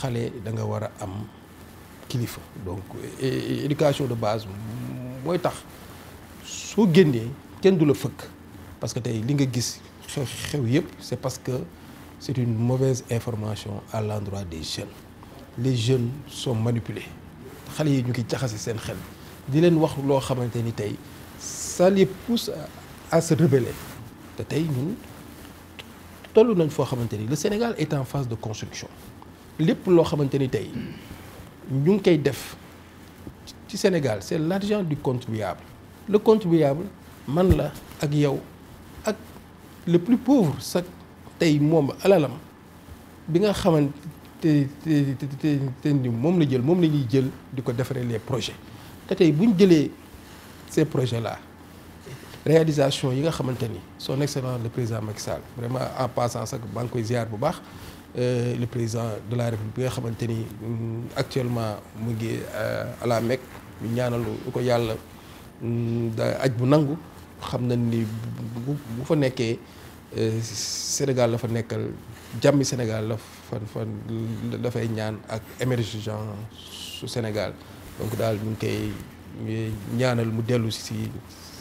xale da nga war a am kilifa donc éducation de base mooy tax soo génnee kenn du la fëkk parce que tey li nga gis xew xew yëpp c'est parce que c'est une mauvaise information à l'endroit des jeunes les jeunes sont manipulés xale yi ñu ngi jaxase seen xel di leen wax loo xamante ni tey ça les pousse à se te tey ñun toll nañ foo xamante ni le Sénégal et en phase de construction lépp loo xamante ni tey ñu ngi koy def ci Sénégal c'est l'argent du contribuable le contribuable man la ak yow ak le plus pauvre sax tey moom alalam bi nga xamante te te ni moom la jël moom la ñuy jël di ko defaree les projet te tey bu ñu jëlee ces projet là réalisation yi nga xamante ni son excellence le président Macky Sall vraiment en passant sax maa ngi ziar bu baax Euh, le président de la république bi nga xamante ni mm, actuellement mu ngi euh, à la Mecque ñu ko yàlla mm, da aj bu nangu xam na ni bu fa nekkee euh, Sénégal la fa nekkal jàmmi Sénégal la fan fan dafay ñaan ak émergence su Sénégal donc daal ñu ngi koy ñaanal mu dellu si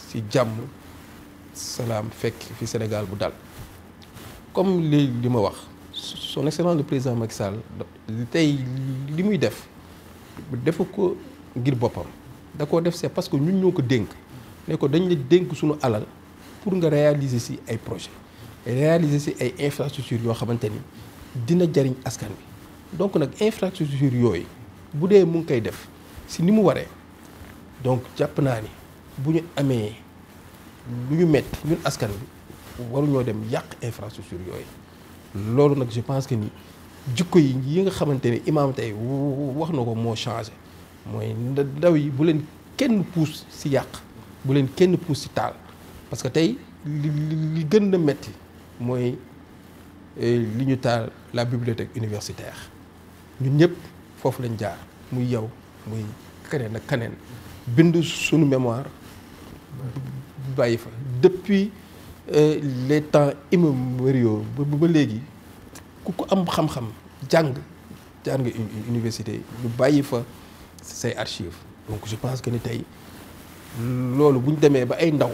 si jàmm salaam fekk fi Sénégal bu dal comme li li ma wax son excellence le président Macky Sall tey li muy def defu ko ngir boppam da koo def c'est parce que ñun ñoo ko dénk ne ko dañ la dénk suñu alal pour nga réaliser si ay projets réaliser si ay infrastructures yoo xamante ni dina jariñ askan bi donc nag infrastructure yooyu bu dee mu ngi koy def si ni mu waree donc jàpp naa ni bu ñu amee lu ñu metti ñun askan bi ñoo dem yàq infrastructure yooyu loolu nag je pense que nii jikko yi yi nga xamante ne imaam tey wax na ko moo changé mooy ndaw yi bu leen kenn puus si yàq bu leen kenn puus si taal parce que tey li li gën a metti mooy eh, li ñu taal la bibliothèque universitaire ñun ñëpp foofu lañ jaar muy yow muy keneen ak keneen bind suñu mémoire bàyyi fa depuis Euh, les temps immémoriaux ba ba léegi ku ko am xam-xam jàng jaar nga université ñu bàyyi fa say archives donc je pense que ni tey loolu bu ñu demee ba ay ndaw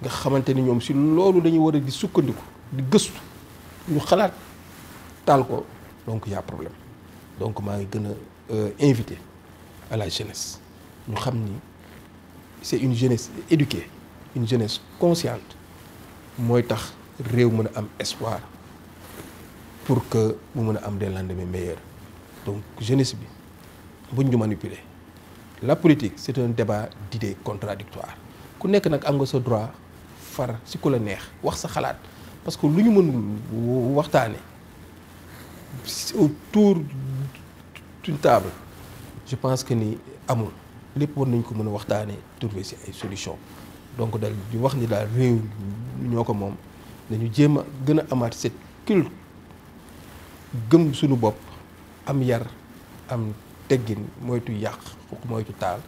nga xamante ni ñoom si loolu dañuy war a di sukkandiku di gëstu ñu xalaat taal ko donc y problème donc maa ngi gën a euh, invité à la jeunesse ñu xam ni c'est une jeunesse éduquée une jeunesse consciente mooy tax réew mën a am espoir pour que mu mën a am des lendemains donc jeunesse bi buñ ñu manipuler la politique c'est un débat d'idées contradictoires ku nekk nag am nga sa droit far si ku la neex wax sa xalaat parce que lu ñu mënul waxtaane autour d'une table je pense que ni amul lépp war nañ ko mën a waxtaane trouver si ay solutions donc daal di wax ni daal réew ñoo ko moom dañu jéem a gën a amaat cette culte gëm suñu bopp am yar am teggin moytu yàq moytu taal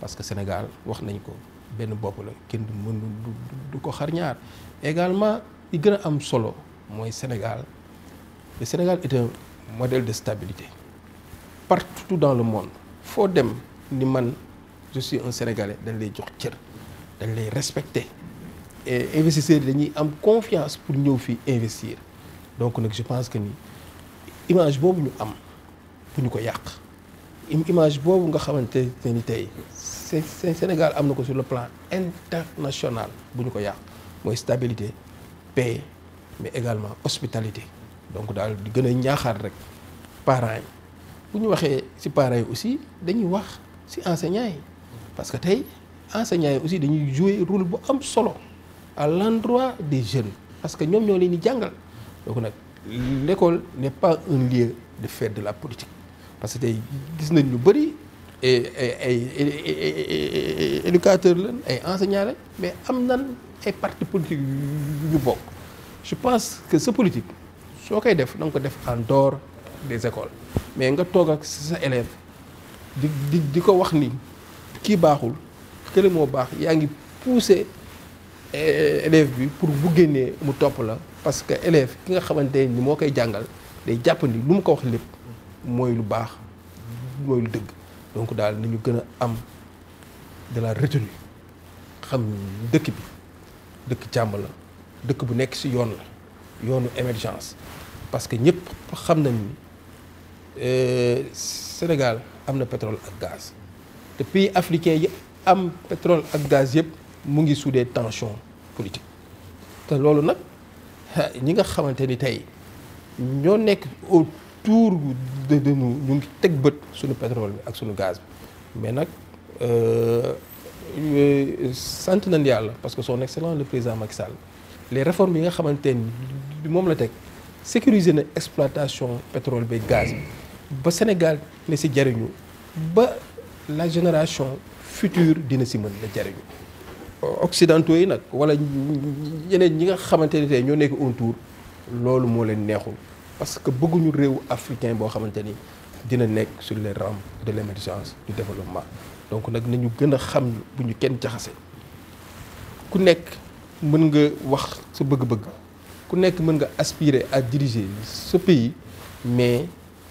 parce que Sénégal wax nañ ko benn bopp la kenn du mën du ko xar ñaar également li gën a am solo mooy Sénégal le Sénégal est un modèle de stabilité partout dans le monde foo dem ni man je suis un Sénégalais dañ lay jox cër. dañ lay respecter et investisseurs yi dañuy am confiance pour ñëw fii investir donc nag je pense que ni image boobu ñu am bu ñu ko yàq image boobu nga xamante ne ni tey Sénégal am na ko sur le plan international bu ñu ko yàq mooy stabilité paix mais également hospitalité donc daal di gën a ñaaxaat rek parents yi bu ñu waxee ci parents yi aussi dañuy wax ci enseignants yi parce que tey enseignants yi aussi dañuy jouer rôle bu am solo à l'endroit des jeunes parce que ñoom ñoo leen di jàngal donc nag l'école ne pas un lieu de faire de la politique parce que tey gis nañ lu bëri ay ay éducateurs lañ ay enseignants lañ mais am nan ay partis politiques yu bokk je pense que sa politique soo koy def da nga ko def en dehors des écoles mais nga toog ak sa élève di di di ko wax ni kii baaxul kële moo baax yaa ngi pousser eh, élève bi pour bu génnee mu topp la parce que élève ki nga xamante ni moo koy jàngal day jàppandi lu mu ko wax lépp mooy lu baax mooy lu dëgg donc daal nañu gën a am de la retenue xam dëkk bi dëkk jàmm la dëkk bu nekk ci yoon la yoonu émergence parce que ñëpp xam nañ ni eh, Sénégal am na pétrole ak gaz te africain yëpp am pétrole ak gaz yëpp mu ngi sous des tensions politiques te loolu nag ñi nga xamante ni tey ñoo nekk autour de de nous ñu ngi teg bët suñu pétrole bi ak suñu gaz bi mais nag euh, euh, sant nañ yàlla parce que son excellence le président Macky Sall les réformes yi nga xamante ni moom la teg sécuriser na exploitation pétrole bi gaz bi ba Sénégal ne si jariñu ba la génération futur dina si mën na jariñu occidentaux yi nag wala ñeneen ñi nga xamante ni tey ñoo nekk autour loolu moo leen neexul parce que bëgguñu réew africain boo xamante ni dina nekk sur les rampes de l'émergence du développement donc nag nañu gën a xam bu ñu kenn jaxase ku nekk mën nga wax sa bëgg-bëgg ku nekk mën nga aspirer à diriger ce pays mais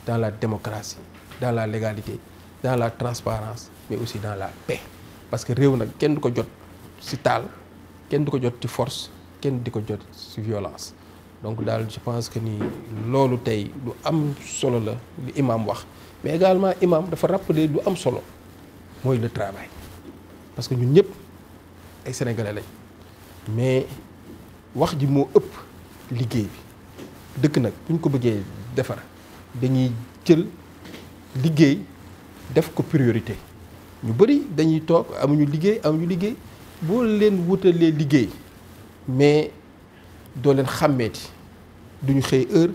dans la démocratie dans la légalité dans la transparence mais aussi dans la paix parce que réew nag kenn du ko jot ci taal kenn du ko jot ci force kenn di ko jot ci violence donc daal je pense que nii loolu tey lu am solo la li imam wax mais également imam dafa rappeler du am solo mooy le travail parce que ñun ñëpp ay sénégalais lañ mais wax ji moo ëpp liggéey bi dëkk nag bu ñu ko bëggee defar dañuy jël liggéey def ko priorité ñu bëri dañuy toog amuñu liggéey amuñu liggéey boo leen wutalee liggéey mais doo leen xàmmeeti duñu xëy heure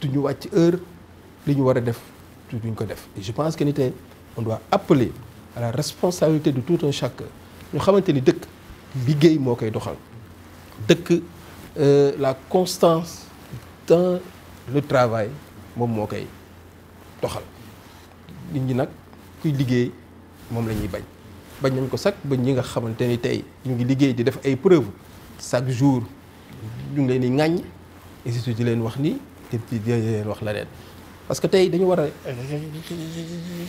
duñu wàcc heure li ñu war a def duñ ko def et je pense que ni tey on doit appeler la responsabilité de tout chaque chacun ñu xamante ni dëkk liggéey moo koy doxal dëkk euh, la constance dans le travail moom moo koy doxal nit ñi nag kuy liggéey moom la ñuy bañ bañ nañ ko sax ba ñi nga xamante ni tey ñu ngi liggéey di def ay preuve chaque jour ñu ngi leen di ŋàññ institut di leen wax nii te di leen wax la leen parce que tey dañu war a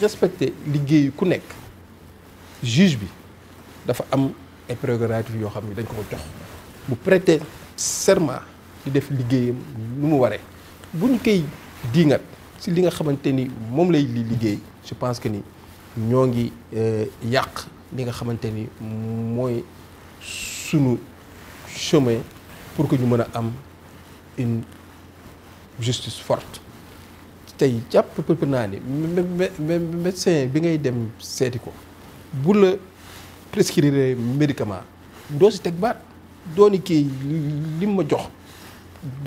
respecter liggéey ku nekk juge bi dafa am ay prérogatives yoo xam ne dañ ko ko jox bu prêter serment di def liggéeyam lu mu waree bu ñu koy diingat si li nga xamante ni moom lay li liggéey je pense que nii ñoo ngi eh, yàq li nga xamante ni mooy sunu chemin pour que ñu mën a am une justice forte tey jàpp pëpp naa ni médecin bi ngay dem seeti ko bu la prescrire médicament doo si teg baat doo ni li ma jox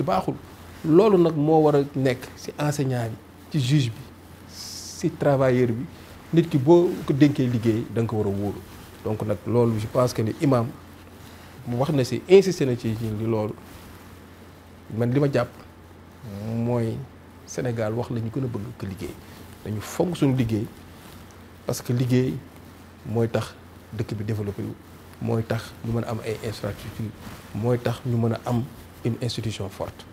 baaxul loolu nag moo war a nekk ci enseignant bi ci juge bi ci travailleur bi nit ki boo ko dénkee liggéey da nga ko war a wóolu donc nag loolu je pense que ni imam wax na si insisté na ci li loolu man li ma jàpp mooy Sénégal wax lañu ñu gën a bëgg ko liggéey dañu fonk suñu liggéey parce que liggéey mooy tax dëkk bi développé wu mooy tax ñu mën a am ay infrastructure mooy tax ñu mën a am une institution forte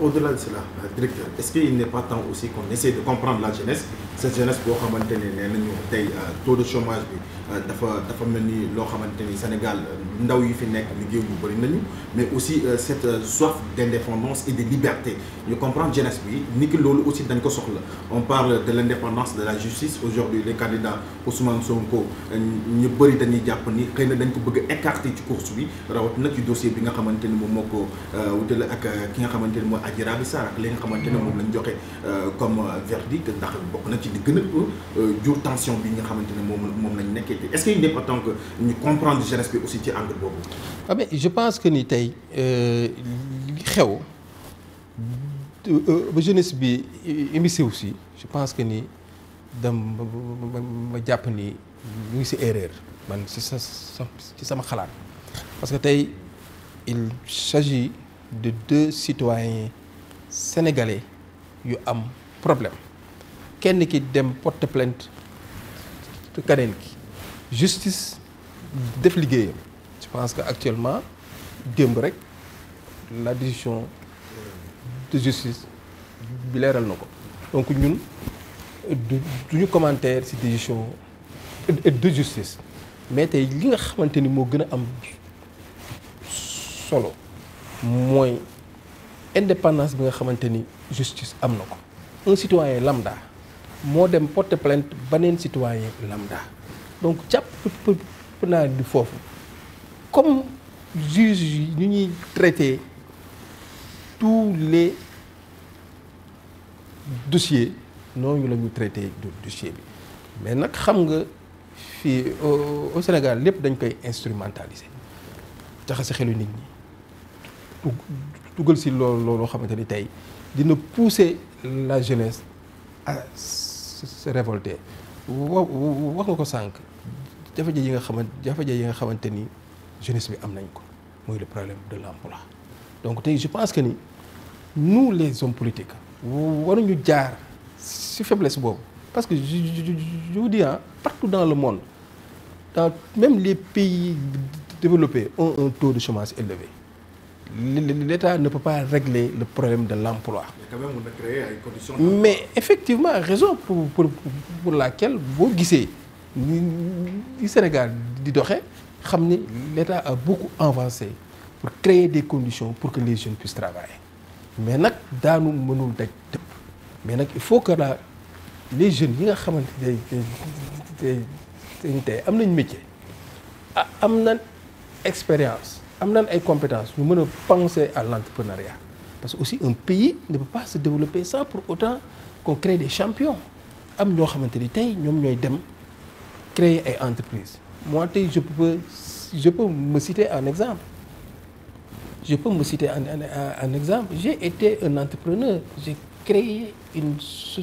au-delà de cela euh, directeur est-ce que il n'est pas temps aussi qu'on essaie de comprendre la jeunesse cette jeunesse boo xamante ne nee nañu tey euh, taux de chômage bi euh, dafa dafa mel ni loo xamante ni Sénégal ndaw yi fi nekk liggéey bu bëri nañu mais aussi euh, cette euh, soif d'indépendance et de liberté ñu comprendre jeunesse bi ni ki loolu aussi dañ ko soxla on parle de l'indépendance de la justice aujourd'hui les candidats Ousmane Sonko euh, ñu dañ ko bëgg a écarter ci course bi rawatina bi nga xamante ni moom moo ko wutale ak ki nga xamante mooy Adji Raby Sarr ak li nga xamante ne moom joxe comme verdict ndax na ci di gën a jur tension bi nga xamante ne lañ nekkee est-ce que il angle ah, je pense que ni tey li euh, xew euh, ba jeunesse bi émissé si je pense que ni dem ma jàpp ni ñu ngi si erreur man si sa ci sama xalaat parce que tey il s'agit de deux citoyens sénégalais yu am problème kenn ki dem porte plainte keneen ki justice def liggéeyam. parce que actuellement démb rek la décision de justice bi leeral na ko donc ñun du duñu commentaire ci décision de justice mais tey li nga xamante ni moo gën a am solo mooy indépendance bi nga xamante ni justice am na ko un citoyen lambda moo dem porter plainte beneen citoyen lambda donc jàpp naa di foofu comme juge yi ñu ñuy traité tous les dossiers noonu la ñu traité dossier bi mais nag xam nga fii au Sénégal lépp dañ koy instrumentaliser jaxase xelu nit ñi dugal si loolu looloo xamante ni tey dina pousser la jeunesse à se révolter wax nga ko sànq jafe yi nga xamante jafe yi nga xamante ni. jeunesse bi am nañ ko mooy le problème de l'emploi donc tey je pense que ni nous les hommes politiques waruñu jaar ci faiblesse boobu parce que je, je, je, je partout dans le monde dans même les pays développés ont un taux de chômage élevé l'État ne peut pas régler le problème de l'emploi mais effectivement raison pour pour, pour laquelle boo gisee ni Sénégal di doxee xam ne l'État a beaucoup avancé pour créer des conditions pour que les jeunes puissent travailler mais nag daanu mënul daj dëpp mais nag il faut que la les jeunes yi nga xamante ne tey am nañ métier ah am nañ expérience am nañ ay compétences ñu mën a penser à l'entrepreneuriat parce que aussi un pays ne peut pas se développer sans pour autant qu'on crée des champions am ñoo xamante ni tey ñoom ñooy dem créer ay entreprises moi tey je peux je peux me citer un exemple je peux me citer un, un, un exemple j'ai été un entrepreneur j'ai créé une so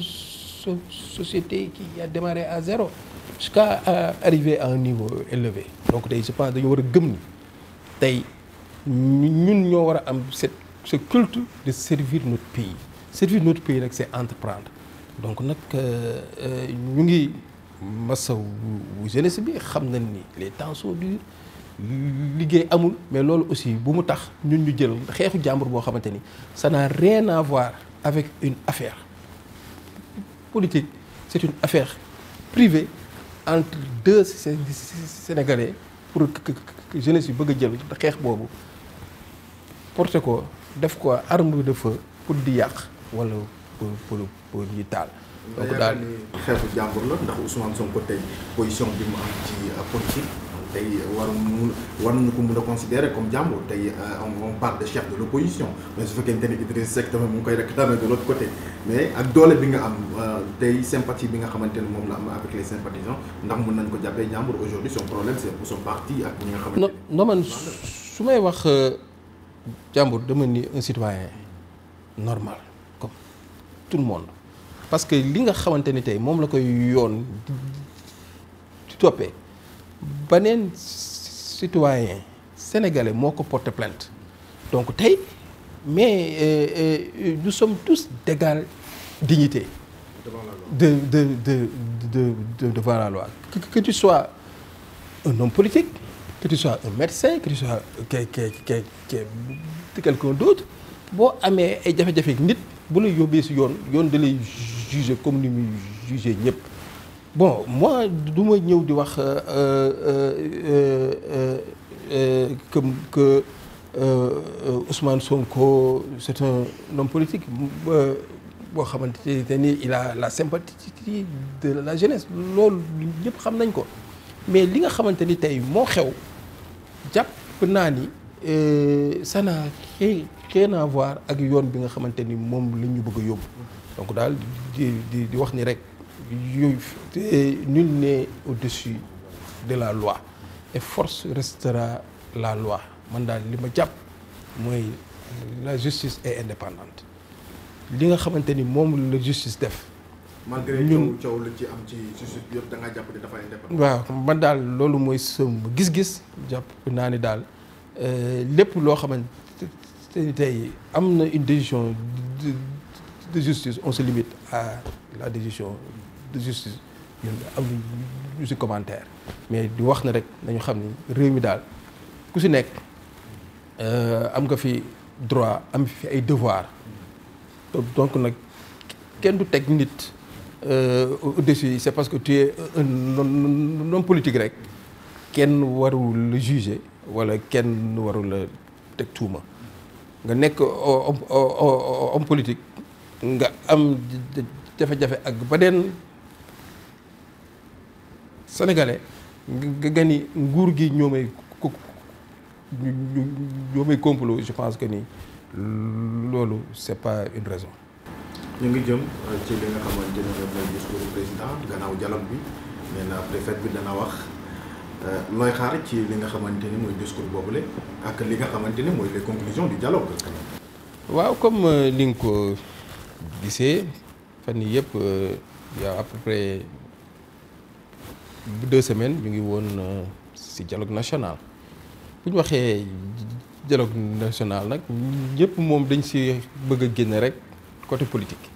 so société qui a démarré à zéro jusqu'à euh, arriver à un niveau élevé donc tey je pense dañu war a gëm ni tey ñun ñoo war a am cette ce culte de servir notre pays servir notre pays nag c'est entreprendre donc nag euh, euh, ñu ngi massa wu jeunesse bi xam nañ ni les temps sont durs liggéey amul mais loolu aussi bu mu tax ñun ñu jël xeexu jàmbur boo xamante ni ça n'a rien à voir avec une affaire politique c'est une affaire privée entre deux Sénégalais pour que bi bëgg a jël xeex boobu porté ko def ko arme de feu pour di yàq walla pour pour pour taal. donc daal xeexu la ndax Ousmane Sonko tey position bi mu am ci euh, politique tey war mu war ko mën a considérer comme jàmbur tey euh, on parle de chef de l'opposition mais su fekkente ne Idriss Seck tamit mu ngi koy rek tamit nga am euh, tey sympathie bi nga xamante ne moom la am avec les sympathisants ndax mën nañ ko jàppee jàmbur aujourd'hui ak ñi nga xamante su may wax jàmbur dama ni un citoyen normal comme tout le monde parce que li nga xamante ni tey moom la koy yoon di toppee beneen citoyen sénégalais moo ko porté plainte donc tey mais euh, euh, nous sommes tous d'égale dignité de de de de de devant la loi que, que tu sois un homme politique que tu sois un médecin que tu sois que que que que quelqu'un d'autre boo amee ay jafe-jafe nit bu la yóbbee si yoon yoon da lay juger comme ni muy juger ñëpp bon moi duma ñëw di wax euh, euh, euh, que que Ousmane Sonko c'est un homme politique boo xamante ne ni il a la sympathie de la jeunesse loolu ñëpp xam nañ ko mais li nga xamante ni tey moo xew jàpp naa ni ça n'a rien à voir ak yoon bi nga xamante ni moom la ñu bëgg a yóbbu. donc daal di di wax ni rek yooyu te nul n'est au-dessus de la loi et force restera la loi man daal li ma jàpp mooy la justice est indépendante li nga xamante ni moom la justice def. malgré ñun coow li ci am ci justice jàpp ne dafa waaw man daal loolu mooy sëm gis-gis jàpp naa ni daal euh, lépp loo xamante tey am na une décision. de justice on se limite à la décision de justice ñun am ñu si commentaire mais di wax na rek nañu xam ni réew mi daal ku si nekk euh, am nga fi droit am fi ay devoir donc nag kenn du teg nit euh, au-dessus c'est parce que tu es un homme rek kenn warul la juger wala kenn warul la teg tuuma nga nekk homme politique nga am jafe-jafe ak beneen sénégalais nga gani nguur gi ñoo may ñoo complot je pense que ni loolu c'est pas une raison. ñu ngi jëm ci li nga xamante mooy discours du gannaaw dialogue bi nee na bi dana wax euh, looy xaar ci li nga xamante ni mooy discours boobule ak li nga xamante ni mooy les conclusions du waaw comme ni nga ko. gisee fan yii yëpp euh, y' a à près deux semaines mi ngi woon ci euh, dialogue national bu ñu waxee dialogue national nag ñëpp moom dañ si bëgg a génn rek côté politique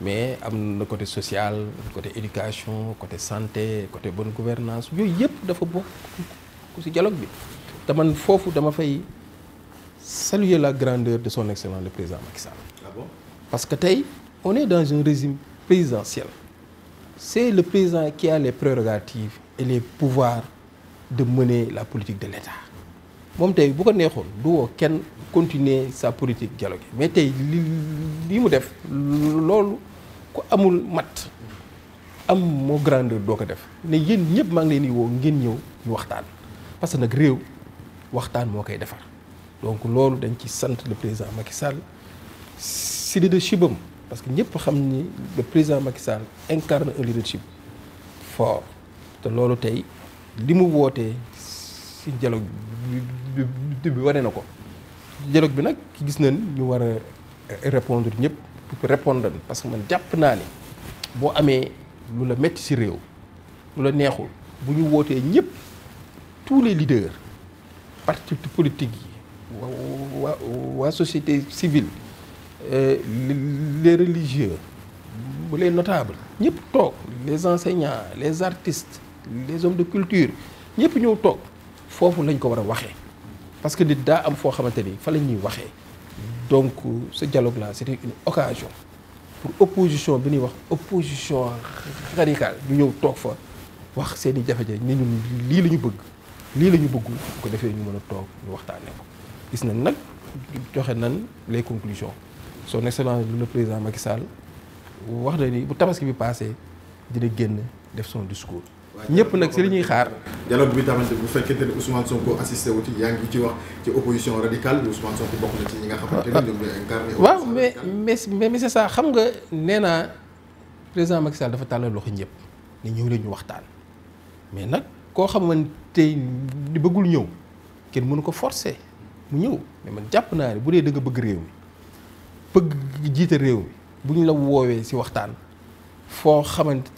mais am na côté sociale côté éducation côté santé côté bon gouvernance yooyu yëpp dafa bokk ci dialogue bi te man foofu dama fay saluer la grandeur de son excellence le président Macky Parce que tey on est dans un régime présidentiel c'est le président qui a les prérogatives et les pouvoirs de mener la politique de l'État moom tey bu ko neexoon du woo kenn continuer sa politique dialogue mais tey li li mu def loolu ku amul mat am moo grandeur doo ko def ne yéen ñëpp maa ngi leen di woo ngeen ñëw ñu waxtaan parce que nag réew waxtaan moo koy defar donc loolu dañ ci sant le président Macky Sall si leadership am parce que ñëpp xam ni le président Macky Sall incarne un leadership fort te loolu tey li mu wootee si dialogue bi wane na ko dialogue bi nag gis nañ ñu war a répondre ñëpp répondre parce que man jàpp naa ni boo amee lu la metti si réew lu la neexul bu ñu wootee ñëpp tous les leaders partis politiques yi waa waa société civile Euh, les religieux les notables ñëpp toog les enseignants les artistes les hommes de culture ñëpp ñëw toog foofu lañ ko war a waxee parce que nit daa am foo xamante ni fa la ñuy waxee donc ce dialogue là c'était une occasion pour opposition bi ñuy wax opposition radicale ñu ñëw toog fa wax seen i jafe-jafe ni lii la ñu bëgg lii la ñu bëggul bu ko defee ñu mën a toog ñu waxtaanee ko gis nañ nag joxe nan les conclusions son excellence le président Macky Sall wax na ni bu tabaski bi paasee dina génn def son discours. ñëpp nag si li ñuy xaar. dialogue bi tamante bu fekkente ne Ousmane Sonko assisté wu ci yaa ngi ci wax ci opposition radicale bi Ousmane Sonko bokk na ci ñi nga xamante ne ñoom waaw mais mais mais c'est ça xam nga nee naa président Macky dafa tàllal loxo ñëpp ne ñëw leen ñu waxtaan mais nag koo xamante ni bëggul ñëw kenn mënu ko forcer mu ñëw mais man jàpp naa ne bu dee da nga bëgg réew bëgg jiite réew mi bu ñu la woowee ci waxtaan foo xamante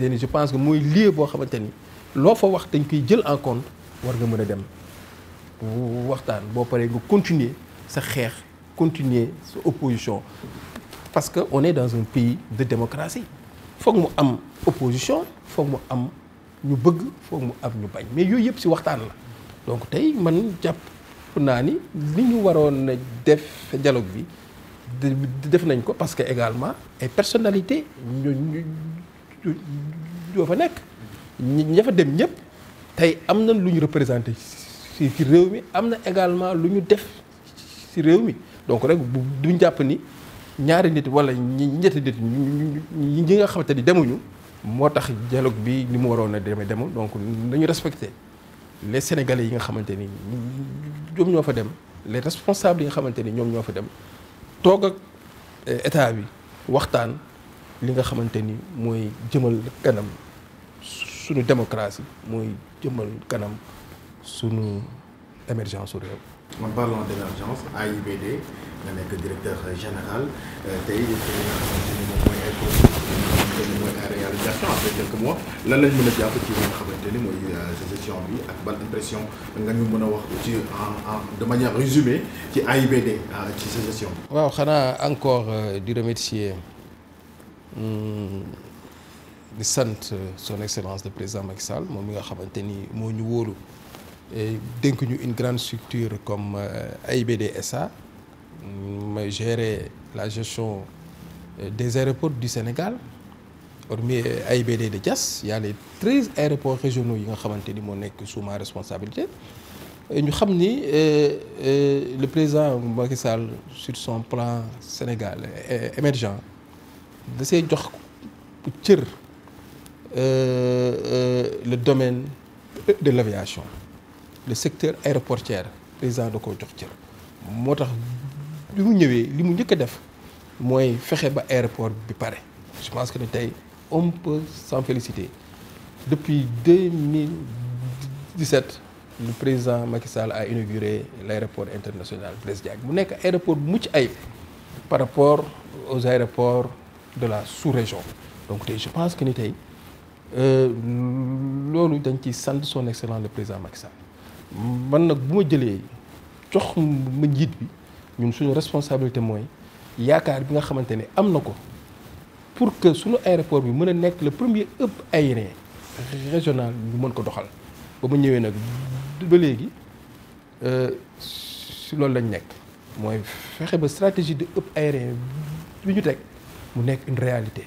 ne je pense que mooy lieu boo xamante ni loo fa wax dañ koy jël en compte war nga mën a dem waxtaan boo paree nga continuer sa xeex continuer sa opposition parce que on est dans un pays de démocratie foog mu am opposition foog mu am ñu bëgg foog mu am ñu bañ mais yooyu yëpp ci waxtaan la donc tey man jàpp naa ni li ñu waroon a def dialogue bi def nañ ko parce que également ay personnalité ñu ñu ñoo fa nekk ña fa dem ñëpp tey am na lu ñu représenté ci ci réew mi am na également lu ñu def ci réew mi donc rek bu duñ jàpp ni ñaari nit wala ñi ñetti nit ñi nga xamante ni demuñu moo tax dialogue bi ni mu waroon demee demul donc nañu respecté les sénégalais yi nga xamante ni ñoom ñoo fa dem les responsables yi nga xamante ni ñoom ñoo fa dem toog ak eh, état bi waxtaan li nga xamante ni mooy jëmal kanam suñu démocratie mooy jëmal kanam suñu émergence su réew. en parlant d' AIBD nga nekk directeur général eh, tey li nga xamante ni moom mooy xamante ni mooy ay lan lañ mën a jàpp ci li nga xamante ni mooy euh, gestion bi ak ban impression nga ñu mën a wax ci en en de manière résumée ci AIBD euh, ci sa gestion bi. waaw xanaa encore euh, di remercier hmm, di sant son excellence le président Macky Sall moom mi nga xamante ni moo ñu wóolu dénk ñu une grande structure comme AIBD SA may gérer la gestion des aéroports du Sénégal hormis ay de Diass y a les treize aéroports régionaux yi nga xamante ni moo nekk sous ma responsabilité ñu xam ni euh, euh, le président Macky Sall sur son plan Sénégal euh, émergent da see jox bu cër le domaine de l'aviation le secteur aéroportuaire président da koo jox cër moo tax bi mu ñëwee li mu njëkk a def mooy fexe ba aéroport bi pare je pense que ni tey on peut s'en féliciter depuis 2017 le président Macky Sall a inauguré l'aéroport international Blaise Diagne mu nekk aéroport bu mucc ayib par rapport aux aéroports de la sous-région donc tey je pense que ni tey euh, loolu dañ ci sant son excellence le président Macky Sall man nag bu ma jëlee jox ma njiit bi ñun suñu responsabilité mooy yaakaar bi nga xamante ne am na ko pour que suñu aéroport bi mën a nekk le premier ëpp aérien régional ñu mën ko doxal ba ma ñëwee nag ba léegi euh, si loolu lañ nekk mooy fexe ba stratégie de ëpp aérien bi ñu teg mu nekk une réalité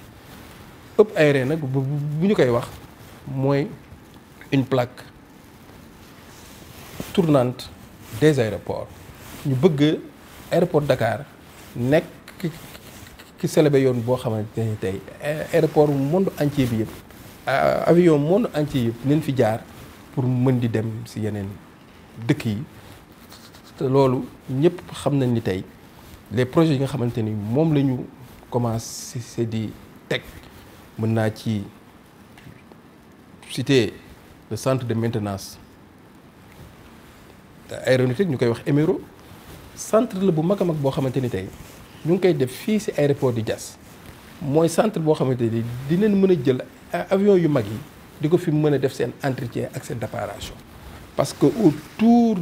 ëpp aérien nag bu ñu koy wax mooy une plaque tournante des aéroports ñu bëgg aéroport Dakar nekk ki célébé yoon boo xamante ne tey eh, aéroport monde entier bi yëpp eh, avion monde entier yëpp nañ fi jaar pour mën di dem si yeneen dëkk yi te loolu ñëpp xam nañ ni tey les projet yi nga xamante ni moom la ñu commencé di teg mën naa ci citer le centre de maintenance aéronautique ñu koy wax éméro centre la bu mag a mag boo xamante ni tey ñu ngi koy def fii ci aéroport di Diass mooy centre boo xamante ni dinañ mën a jël avion yu mag yi di ko fi mën a def seen entretien ak seen réparation parce que autour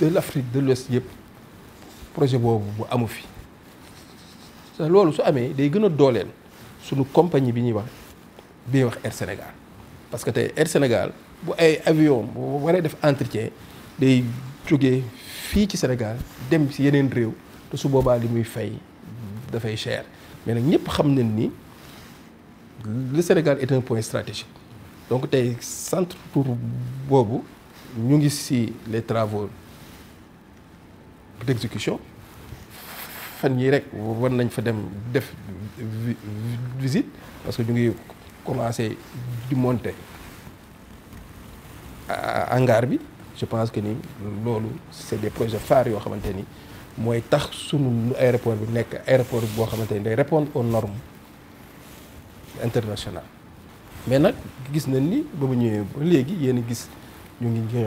de l'Afrique de l'Ouest yëpp projet boobu bu amu fi te loolu su amee day gën a dooleel sunu compagnie bi ñuy wax bi wax Air Sénégal parce que tey Air Sénégal bu ay avion bu waree def entretien day jógee fii ci Sénégal dem ci yeneen réew te su boobaa li muy fay dafay chair mais nag ñëpp xam nañ ni le Sénégal est un point stratégique donc tey centre tour boobu ñu ngi ci les travaux d'exécution fan yii rek war nañ fa dem def visite parce que ñu ngi commencé di monter hangar bi je pense que ni loolu c'est des projet phares yoo xamante ni. mooy tax sunu aéroport bi nekk aéroport boo xamante ni day répondre aux normes internationales mais nag gis nañ ni ba mu ñëwee ba léegi yéen a gis ñu ngi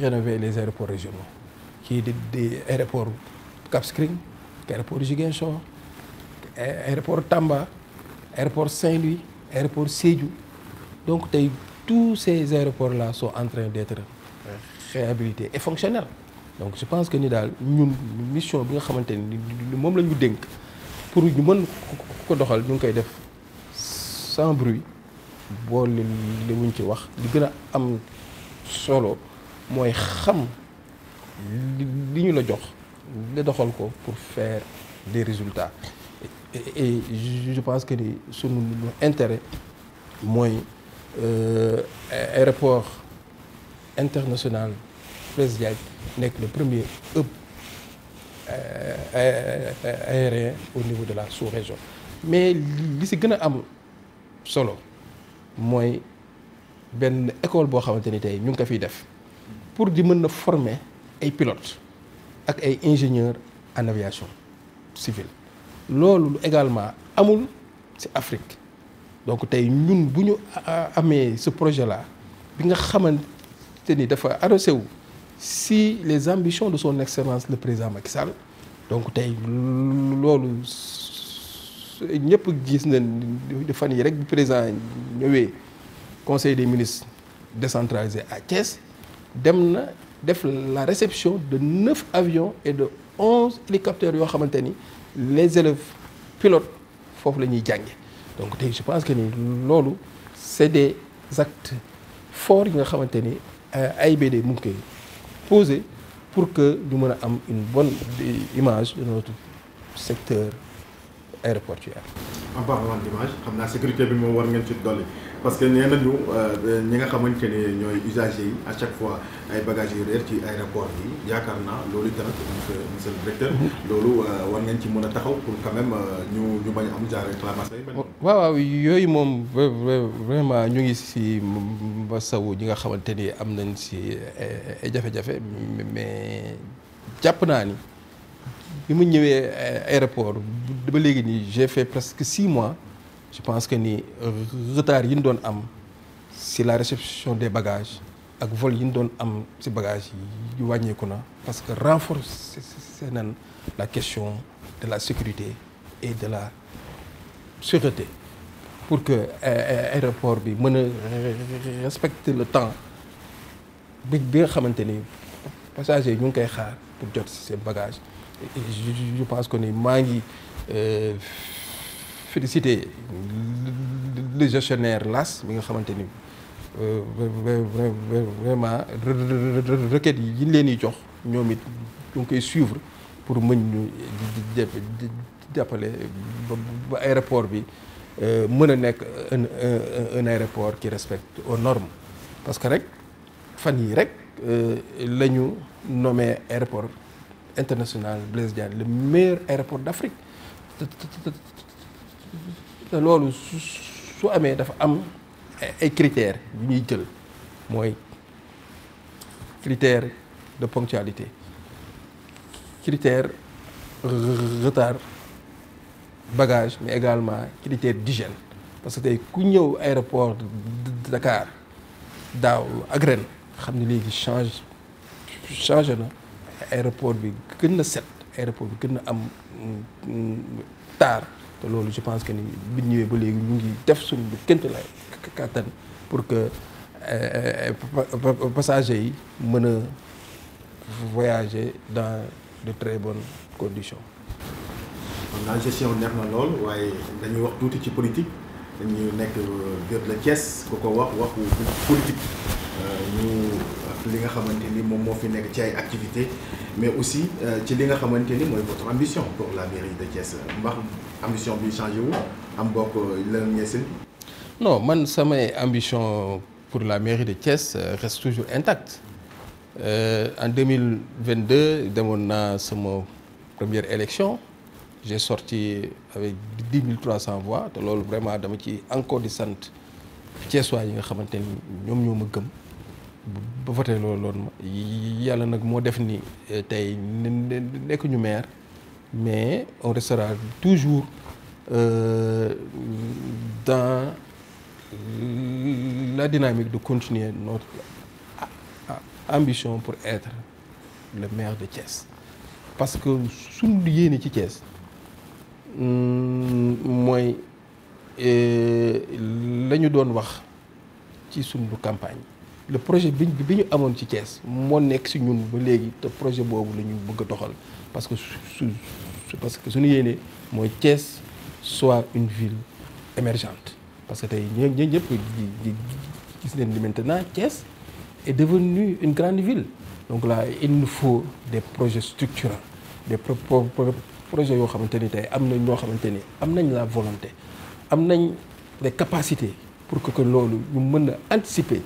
rénover les aéroports régionaux kii di di aéroport Cap Skirring aéroport Ziguinchor aéroport Tamba aéroport Saint-Louis aéroport Sédhiou donc tey tous ces aéroports là sont en train d'être réhabilités et fonctionnels donc je pense que ni daal ñun mission bi nga xamante ni moom lañu ñu dénk pour ñu mën ko doxal ñu ngi koy def sans bruit boo li li wuñ ci wax li gën a am solo mooy xam li ñu la jox nga doxal ko pour fair des résultats et je pense que ni sunu intérêt mooy euh, aéroport international Blaise nekk le premier hub euh, euh, euh, aérien au niveau de la sous-région mais li si gën a am solo mooy benn école boo xamante ni tey ñu ngi ko fiy def pour di mën a former ay pilotes ak ay ingénieurs en aviation civile loolu également amul ci Afrique donc tey ñun bu ñu amee ce projet la bi nga te ni dafa arrosé wu si les ambitions de son excellence le président Macky Sall donc tey loolu ñëpp gis na fan yi rek bi président ñëwee conseil des ministres décentralisé à Thiès dem na def la réception de neuf avions et de onze hélicoptères yoo xamante ni les élèves pilotes foofu la ñuy jànge donc tey je pense que ni loolu c'est des actes forts yi nga xamante ni AIBD mu ngi posées pour que ñu mën a am une bonne image de notre secteur aéroportuaire. en parlant d'image xam naa sécurité bi moom war ngeen ci dolli. parce que nee nañu euh, ñi nga xamante ne ñooy usagers yi à chaque fois ay bagages yu réer ci aéroport yi yaakaar naa loolu tamit monsieur monsieur le directeur. Mhm. loolu euh, war ngeen ci mën a taxaw pour quand euh, ñu ñu bañ am genre réclamation yi. waaw yooyu moom vraiment ñu ngi si mbasawu ñi nga xamante ni am nañ si ay eh, eh, jafe-jafe mais jàpp naa ni bi mu ñëwee eh, aéroport ba léegi nii j'ai fait presque six mois. je pense que ni retard yi ñu doon am si la réception des bagage ak vol yi nu doon am si bagage yi wàññeeku na parce que renforcer nan la question de la sécurité et de la sûreté pour que eh, eh, aéroport bi mën a respecter le temps bi bi nga xamante ni passagers yi ñu ngi koy xaar pour jot seen bagage je pense que ni maa ngi euh, féliciter le gestionnaire LAS mi nga xamante ni euh, vraiment requêtes yi yi leen di jox ñoom it ñu ngi koy suivre pour mën ñu jàppale ba aéroport bi euh, mën a nekk un un aéroport qui respecte aux normes parce que rek fan yii rek euh, la ñu nommé aéroport international Blaise Diagne le meilleur aéroport d'Afrique loolu su su amee dafa am ay critères yu ñuy jël mooy critère de ponctualité critère retard bagage mais également critère d'hygiène parce que ku ñëw aéroport Dakar daaw ak ren xam ne léegi change changé na aéroport bi gën na set aéroport bi gën na am mm, mm, taar te loolu je pense que ni bi ñëwee ba léegi ñu ngi def suñu lu ként la kàttan pour que euh, euh, passagers yi mën a voyager dans de très bonnes conditions. kon la gestion neex na lool waaye dañuy wax tuuti ci politique dañuy nekk gër euh, la Thiès ku ko wax waxu politique ñu. li nga xamante ni moom moo fi nekk ci ay activités mais aussi euh, ci li nga xamante ni mooy votre ambition pour la mairie de Thiès ndax ambition bi changé wu am bokk euh, leneen ñeesil no man samay ambition pour la mairie de Thiès euh, reste toujours intacte euh, en deux demoon naa sama première élection j'ai sorti avec 10 300 voix te loolu vraiment dama ci encore di sant Thiès yi nga xamante ni ñoom ñoo ma gëm ba voté loolu loolu ma yàlla nag moo def ni euh, tey nekkuñu ñu maire mais on restera toujours euh, dans euh, la dynamique de continuer notre ambition pour être le maire de Thiès parce que suñu yéene ci Thiès hmm, mooy euh, la ñu doon wax ci suñu campagne le projet bi bi ñu amoon ci Thiès moo nekk si ñun ba léegi te projet boobu la ñu bëgg a doxal parce que su parce que suñu yéenee mooy Thiès soit une ville émergente parce que tey ñoo ñoo ñëpp gis nañ ni maintenant Thiès est devenue une grande ville donc là il nous faut des projets structurants des pro projet yoo xamante ni tey am nañ ñoo xamante ni am nañ la volonté am nañ les capacité pour que que loolu ñu mën a anticiper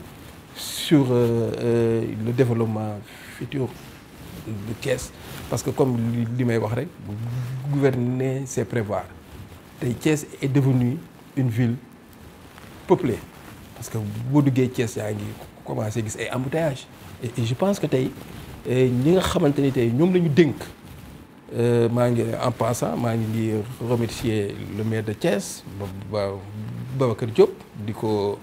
sur euh, euh, le développement futur de Thiès parce que comme li may wax rek gouverner c'est prévoir tey Thiès est devenue une ville peuplée parce que boo duggee Thiès yaa ngi commencé gis ay embouteillages je pense que tey euh, ñi nga xamante ni tey ñoom la ñu dénk euh, maa ngi en passant maa ngi di remercier le maire de Thiès ba ba kër Diop di ko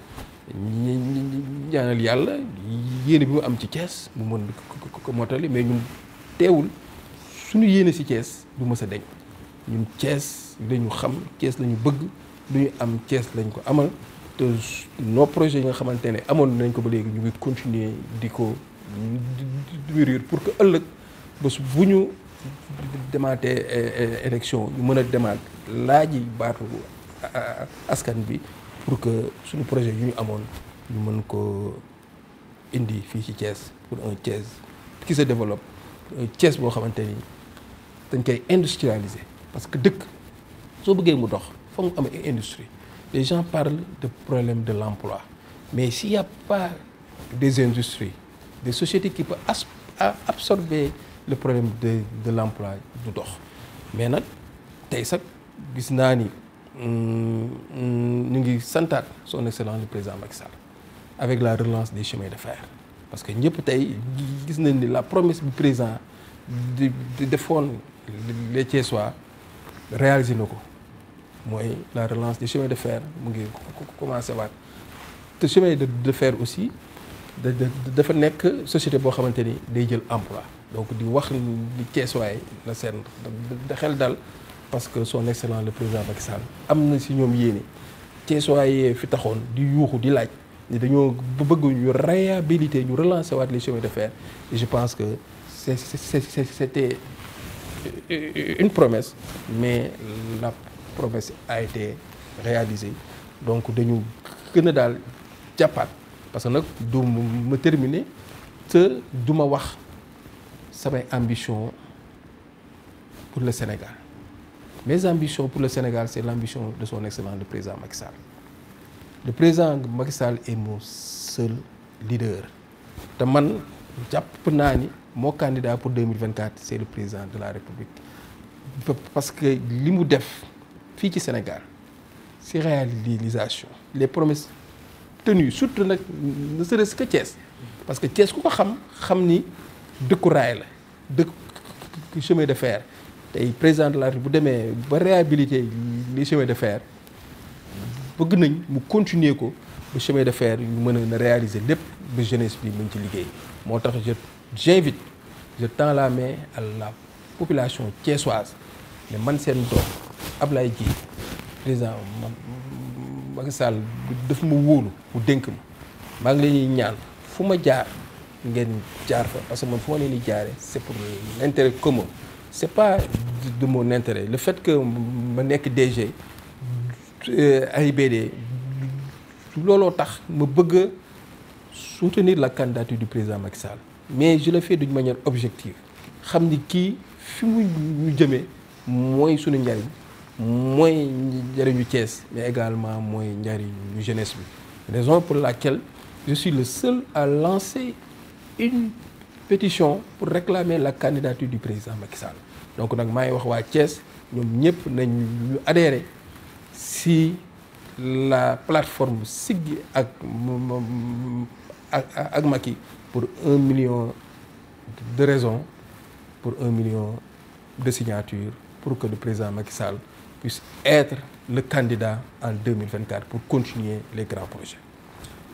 ñaanal yàlla yéene bi mu am ci Thiès mu mën ko mottali mais ñun teewul suñu yéene si Thiès du mës a deñ ñun cees dañu xam Thiès lañu bëgg lu ñu am cees lañ ko amal te nos projet yi nga xamante ne amoon nañ ko ba léegi ñu ngi continuer di ko wérir pour que ëllëg bés bu ñu demaatee eh, eh, élection ñu mën a demaat laaj yi baatu eh, askan bi pour que suñu projet yu ñu amoon ñu mën ko indi fii ci Thiès pour un Thiès qui se développe un boo xamante ni dañ koy industrialiser parce que dëkk soo bëggee mu dox fa mu am ay industrie les gens parlent de problème de l'emploi mais s'il y pas des industries des sociétés qui peuvent as absorber le problème de de l'emploi du dox mais nag tey sax gis naa ni Euh, euh, ñu ngi santaat son excellence le président Macky Sall avec la relance des chemins de fer parce que ñëpp tey gis nañ ni la promesse bu président di di defoon les Thiessois réalisé na ko mooy la relance de chemins de fer mu ngi ku commencé waat te chemin de fer aussi da dafa nekk société boo xamante ni day jël emploi donc di wax ni Thiessois yi na seen xel dal. parce que son excellence le président Macky Sall am na si ñoom yéene Thiessois yi fi taxoon di yuuxu di laaj ni dañoo bu bëgg ñu réhabiliter ñu relancer waat les chemins de fer et je pense que c'est c'était une promesse mais la promesse a été réalisée donc dañu gën a daal jàppaat parce que nag du ma terminer te du ma wax samay ambition pour le Sénégal Mes ambitions pour le Sénégal, c'est l'ambition de son excellent le président Macky Sall. Le président Macky Sall est mon leader. te man jàpp naa ni moo candidat pour 2024 c'est le président de la République parce que li mu def fii ci Sénégal si réalisation les promesses tenues surtout nag ne serait-ce que Thiès parce que Thiès ku ko xam xam ni dëkku raay la dëkk chemin de fer tey président la République bu demee ba réhabiliter les chemins de fer bëgg nañ mu continuer ko ba chemin de fer yu mën a na réaliser lépp ba jeunesse bi mën ci liggéey moo tax je j'invite je tends la mais à la population thiessoise ne man seen doom Ablaye Dièye président Macky Sall ma wóolu mu dénk ma maa ngi leen ñaan fu ma jaar ngeen jaar fa parce que man fu ma leen di jaaree c'est pour l'intérêt commun c'est pas de mon intérêt le fait que ma nekk DG euh, AIBD looloo tax ma bëgg a soutenir la candidature du président Macky Sall mais je le fais d'une manière objective xam ni kii fi mu ñu jëmee mooy suñu njariñ mooy njariñu Thiès mais également mooy njariñu jeunesse bi raison pour laquelle je suis le seul à lancer une pétition pour réclamer la candidature du président Macky Sall donc nag maa ngi wax waa Thiès ñoom ñëpp nañ ñu adhéré si la plateforme Siggi ak ak ak pour un million de raisons pour un million de signatures pour que le président Macky Sall puisse être le candidat en 2024 pour continuer les grands projets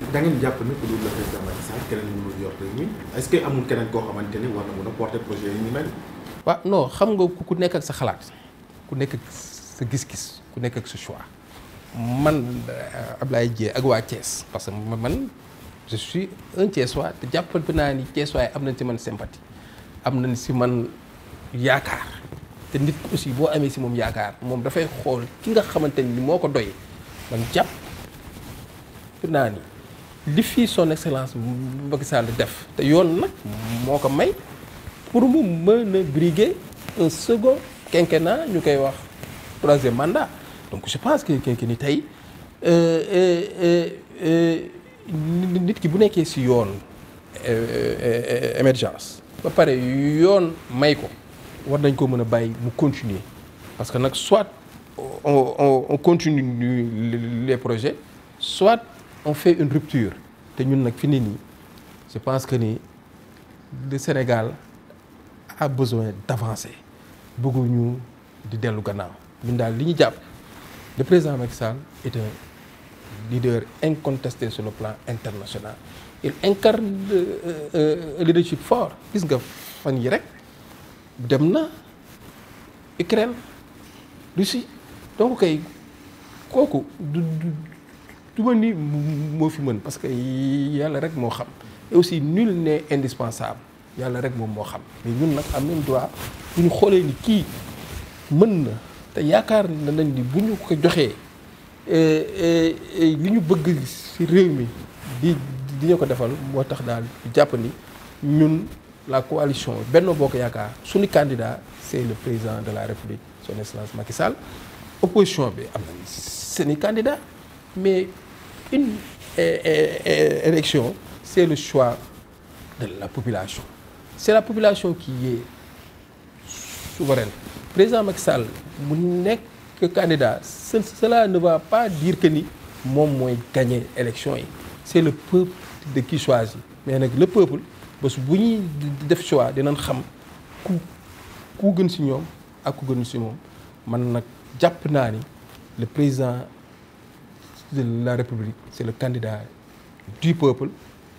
da jàpp ne ku dul le président Macky Sall keneen mënul yor réew mi que amul keneen koo xamante ni war na mën a porter projet yi ñu mel. waaw non xam nga ku nekk ak sa xalaat ku nekk ak sa gis-gis ku nekk ak sa choix man eh, Ablaye Dieng ak waa Thiès parce que ma man je suis un Thiessois te jàppal bi naa ni Thiessois yi am nañ ci man sympathie am nañ si man yaakaar te nit aussi boo amee si moom yaakaar moom dafay xool ki nga xamante ni moo ko doy man jàpp naa li fii son excellence Macky Sall def te yoon nag moo ko may pour mu mën a briguer un kenke quinquennat ñu koy wax troisième mandat donc ce pense que kenn ni tey euh, euh, euh, nit ki bu nekkee ci yoon émergence ba pare yoon may ko war nañ ko mën a bàyyi mu continuer parce que nag soit on on on continue les projets soit on fait une rupture te ñun nag fi nit ñi je pense que nii le Sénégal a besoin d'avancer bëgguñu di dellu gannaaw ñun daal li ñu jàpp le président Macky Sall est un leader incontesté sur le plan international il incarne euh, euh, un leadership fort gis nga fan yi rek dem na Ukraine Russie donc kay kooku du ma ni moo fi mën parce que yàlla rek moo xam aussi nul nee indispensable yàlla rek moom moo xam mais ñun nag am nañ droit bu ñu xoolee ni kii mën na te yaakaar na nañ ni bu ñu ko joxee eh, eh, eh, li ñu bëgg ci réew mi di di ñu ko defal moo tax daal jàpp ni ñun la coalition Benno Bokk Yaakaar suñu candidat c'est le président de la République son excellence Macky Sall opposition bi am nañ seeni candidat mais une euh, euh, euh, élection, c'est le choix de la population. C'est la population qui est souveraine. Président Macky Sall mu nekk candidat cela ne va pas dire que ni moom mooy gagner élection yi c'est le peuple de qui choisit mais nag le peuple bés bu ñuy def choix dinañ xam ku ku gën ci ñoom ak ku gën ci moom man nag jàpp naa ni le président de la république c'est le candidat du peuple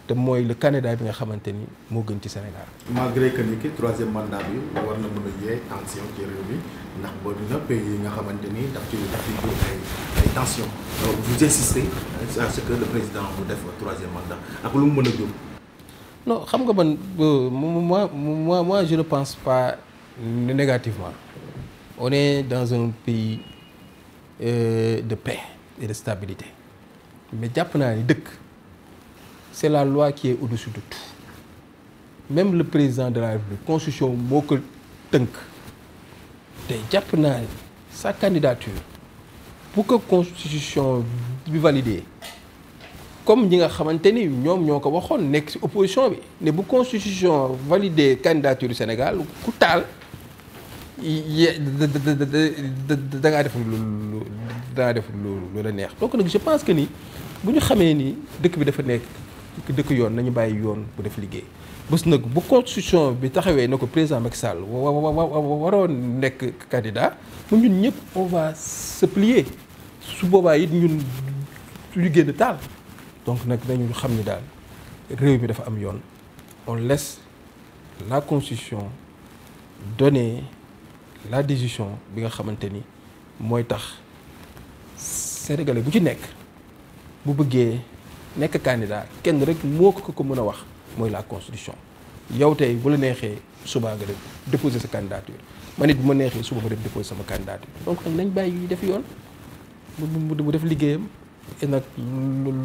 te mooy le candidat bi nga xamante ni moo gën ci Sénégal. malgré que ni ki troisième mandat bi war na mën a yee tension ci réew mi ndax ba dina pays yi nga xamante ni daf ci daf ci jóg ay tension vous que président mu def troisième mandat ak lu mu mën a jóg. non xam nga man euh, moi moi moi je ne pense pas négativement on est dans un pays euh, de paix. et de stabilité mais jàpp naa ni dëkk c'est la loi qui est au de tout même le président de la République constitution moo ko tënk te jàpp naa ni sa candidature bu ko constitution bi validé comme ñi nga xamante ni ñoom ñoo ko waxoon nekk si opposition bi ne bu constitution validé candidature Sénégal ku taal da dangaa def danaa def loolu loolu la neex donc nag je pense que ni bu ñu xamee ni dëkk bi dafa nekk dëkk yoon nañu bàyyi yoon bu def liggéey bés nag bu constitution bi taxawee ne ko président Macky Sall wa waroon nekk candidat mu ñun ñëpp on va su boobaa it ñun suñu génn taal donc nag dañu xam ni daal réew mi dafa am yoon on laisse la constitution donner la décision bi nga xamante ni mooy tax sénégalais bu ci nekk bu bëggee nekk candidat kenn rek moo ko ko mën a wax mooy la constitution yow tey bu la neexee subaa nga dem déposer sa candidature man it bu ma neexee suba ma dem déposer sama candidature donc xam nañ bàyyi yu def yoon mu mu def liggéeyam et nag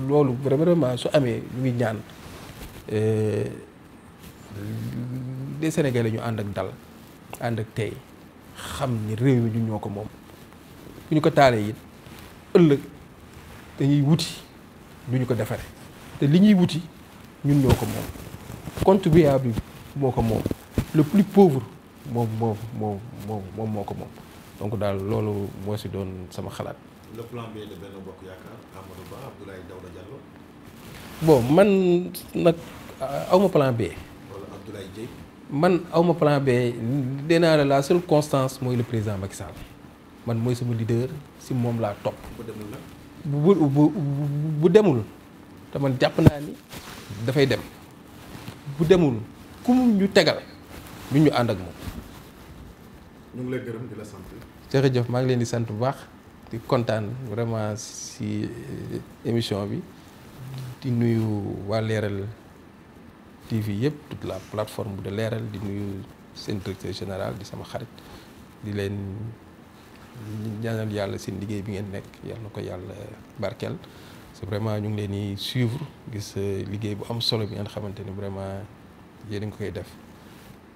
loolu vraiment su amee ñu ngi ñaan euh, les sénégalais ñu ànd ak dal ànd ak tey xam ni réew mi ñun ñoo ko moom bu ñu ko taalee it ëllëg dañuy wuti lu ñu ko defaree te li ñuy wuti ñun ñoo ko moom contribuable bi moo ko moom le plus pauvre moom moom moom moom moom moo ko moom donc daal loolu moo si doon sama xalaat. le plan B de Benno Bokk Yaakaar Amadou Ba Abdoulaye Daouda man nag awma plan B. wala Abdoulaye Dièye. man awma plan bee dee naa la la seule constance mooy le président Macky Sall. man mooy sama leader si moom laa topp. bu bu bu demul te man jàpp naa ni dafay dem bu demul ku mu ñu tegal ñu ñu ànd ak moom. ñu ngi lay gërëm di la sant. jërëjëf maa ngi leen di sant bu baax di kontaan vraiment si eh, émission bi di nuyu waa Leeral TV yëpp toute la plateforme de Leeral di nuyu seen directeur général di sama xarit di leen. ñaanal yàlla seen liggéey bi ngeen nekk yàlla na ko yàlla barkeel c'est vraiment ñu ngi leen di suivre gis euh, liggéey bu am solo bi ngeen xamante ni vraiment yéen a ngi koy def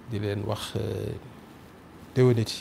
di leen wax euh, déwénati